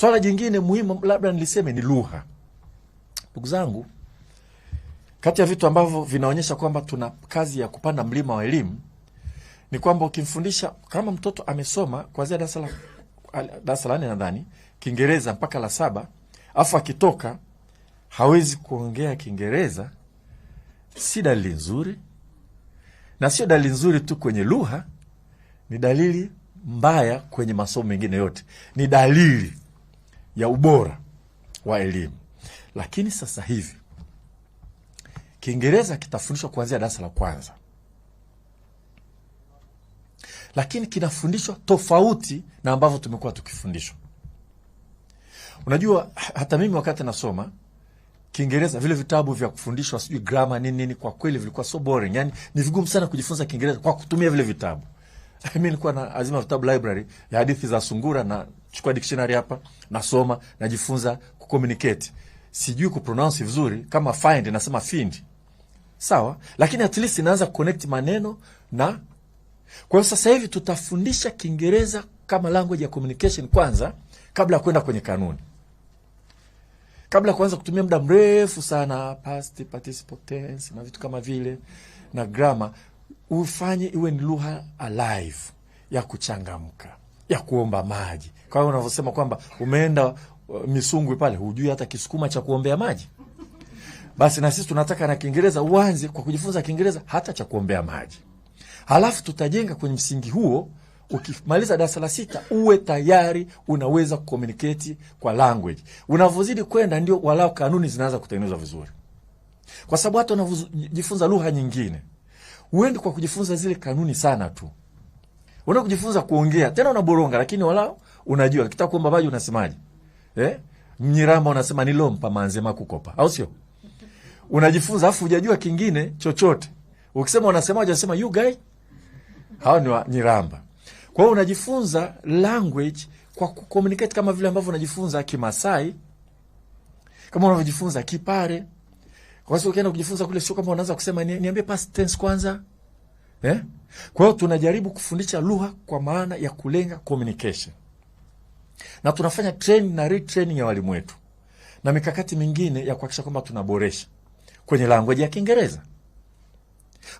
Swala jingine muhimu labda niliseme ni lugha. Ndugu zangu, kati ya vitu ambavyo vinaonyesha kwamba tuna kazi ya kupanda mlima wa elimu ni kwamba ukimfundisha kama mtoto amesoma kuanzia darasa la darasa la nne nadhani Kiingereza mpaka la saba, afu akitoka hawezi kuongea Kiingereza, si dalili nzuri, na sio dalili nzuri tu kwenye lugha, ni dalili mbaya kwenye masomo mengine yote, ni dalili ya ubora wa elimu. Lakini sasa hivi Kiingereza kitafundishwa kuanzia darasa la kwanza, lakini kinafundishwa tofauti na ambavyo tumekuwa tukifundishwa. Unajua, hata mimi wakati nasoma Kiingereza vile vitabu vya kufundishwa sijui grama nini nini, kwa kweli vilikuwa so boring, yani ni vigumu sana kujifunza Kiingereza kwa kutumia vile vitabu. Mi nilikuwa na azima vitabu library ya hadithi za sungura na chukua dictionary hapa, nasoma, najifunza kucommunicate. Sijui kupronounce vizuri, kama find nasema find. Sawa? Lakini at least inaanza kuconnect maneno na kwa hiyo sasa hivi tutafundisha Kiingereza kama language ya communication kwanza kabla ya kwenda kwenye kanuni. Kabla kuanza kutumia muda mrefu sana past participle tense na vitu kama vile na grammar, ufanye iwe ni lugha alive ya kuchangamka ya kuomba maji. Kwa hiyo unavyosema kwamba umeenda uh, Misungwi pale, hujui hata Kisukuma cha kuombea maji, basi na sisi tunataka na Kiingereza uanze kwa kujifunza Kiingereza hata cha kuombea maji, halafu tutajenga kwenye msingi huo. Ukimaliza darasa la sita uwe tayari unaweza kukomuniketi kwa language. Unavyozidi kwenda, ndio walau kanuni zinaanza kutengenezwa vizuri, kwa sababu hata unavyojifunza lugha nyingine huendi kwa kujifunza zile kanuni sana tu unaenda kujifunza kuongea tena unaboronga, lakini wala unajua kitaka kuomba maji unasemaje? Eh, Mnyiramba unasema nilompa manze makukopa, au sio? Unajifunza afu hujajua kingine chochote. Ukisema unasema unasema you guy, hao ni Wanyiramba. Kwa hiyo unajifunza language kwa kucommunicate kama vile ambavyo unajifunza Kimasai, kama unavyojifunza Kipare. Kwa sababu ukienda kujifunza kule sio kama unaanza kusema niambie past tense kwanza. Eh? Kwa hiyo tunajaribu kufundisha lugha kwa maana ya kulenga communication, na tunafanya training na retraining ya walimu wetu na mikakati mingine ya kuhakikisha kwamba tunaboresha kwenye language ya Kiingereza.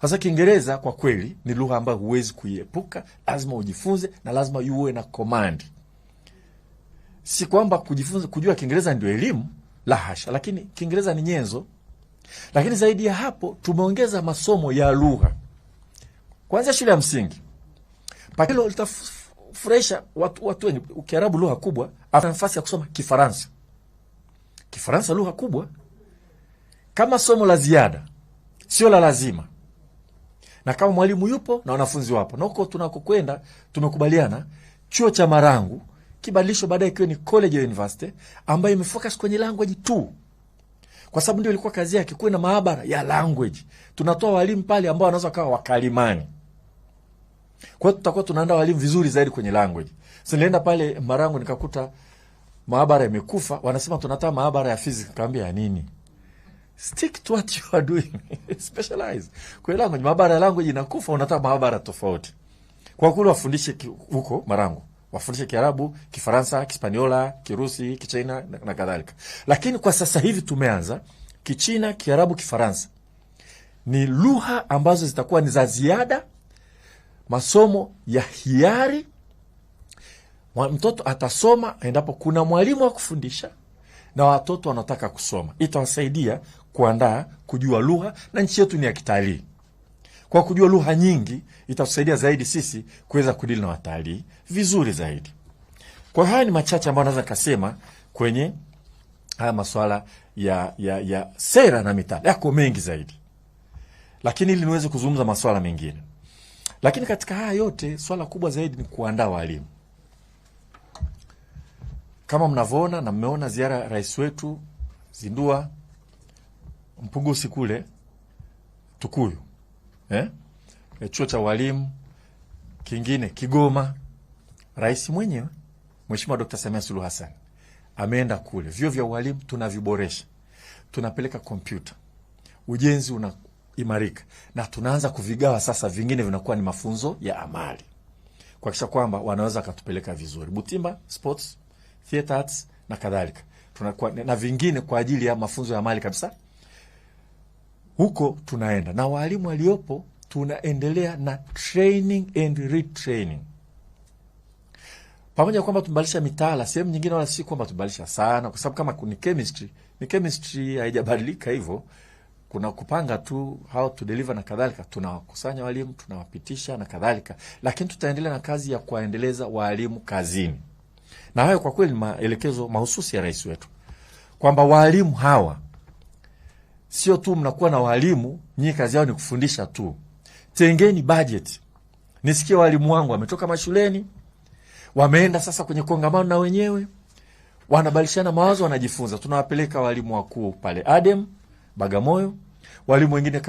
Sasa Kiingereza kwa kweli ni lugha ambayo huwezi kuiepuka, lazima ujifunze na lazima uwe na command. Si kwamba kujifunza kujua Kiingereza ndio elimu, la hasha, lakini Kiingereza ni nyenzo. Lakini zaidi ya hapo tumeongeza masomo ya lugha kwanzia shule ya msingi pakilo hilo litafurahisha watu, watu wengi. Ukiarabu lugha kubwa, ana nafasi ya kusoma Kifaransa. Kifaransa lugha kubwa kama somo la ziada, sio la lazima, na kama mwalimu yupo na wanafunzi wapo. Na huko tunakokwenda tumekubaliana chuo cha Marangu kibadilisho baadaye ikiwe ni college ya university ambayo imefocus kwenye language tu, kwa sababu ndio ilikuwa kazi yake, kuwe na maabara ya language. Tunatoa walimu pale ambao wanaweza kawa wakalimani kwa hiyo tutakuwa tunaenda walimu vizuri zaidi kwenye language. So nilienda pale Marangu nikakuta maabara imekufa, wanasema tunataka maabara ya physics. Kaambia ya nini? Stick to what you are doing. Specialize. Kwa language, maabara ya language inakufa, unataka maabara tofauti. Kwa kule wafundishe huko Marangu. Wafundishe Kiarabu, Kifaransa, Kispaniola, Kirusi, Kichina na kadhalika. Lakini kwa sasa hivi tumeanza Kichina, Kiarabu, Kifaransa. Ni lugha ambazo zitakuwa ni za ziada masomo ya hiari. Mtoto atasoma endapo kuna mwalimu wa kufundisha na watoto wanataka kusoma. Itawasaidia kuandaa kujua lugha, na nchi yetu ni ya kitalii. Kwa kujua lugha nyingi, itatusaidia zaidi sisi kuweza kudili na watalii vizuri zaidi. Kwa haya ni machache ambayo naweza kasema kwenye haya masuala ya, ya, ya sera na mitaala. Yako mengi zaidi, lakini ili niweze kuzungumza masuala mengine lakini katika haya yote swala kubwa zaidi ni kuandaa walimu. Kama mnavyoona na mmeona ziara ya rais wetu zindua mpugusi kule Tukuyu eh? Chuo cha walimu kingine Kigoma. Rais mwenyewe mweshimiwa Dkt. Samia Suluhu Hassan ameenda kule. vyo vya walimu tunaviboresha, tunapeleka kompyuta, ujenzi una, imarika na tunaanza kuvigawa sasa, vingine vinakuwa ni mafunzo ya amali, kuakisha kwamba wanaweza wakatupeleka vizuri Butimba Sports theaters na kadhalika, tunakuwa na vingine kwa ajili ya mafunzo ya amali kabisa. Huko tunaenda na waalimu waliopo, tunaendelea na training and retraining pamoja kwamba tumebadilisha mitaala sehemu nyingine, wala si kwamba tumebadilisha sana, kwa sababu kama ni chemistry, ni chemistry haijabadilika hivyo kuna kupanga tu how to deliver na kadhalika. Tunawakusanya walimu, tunawapitisha na kadhalika, lakini tutaendelea na kazi ya kuwaendeleza walimu kazini, na hayo kwa kweli ni maelekezo mahususi ya rais wetu kwamba walimu hawa sio tu mnakuwa na walimu nyinyi kazi yao ni kufundisha tu, tengeni bajeti. Nisikie walimu wangu wametoka mashuleni wameenda sasa kwenye kongamano na wenyewe wanabadilishana mawazo, wanajifunza. Tunawapeleka walimu wakuu pale ADEM Bagamoyo, walimu wengine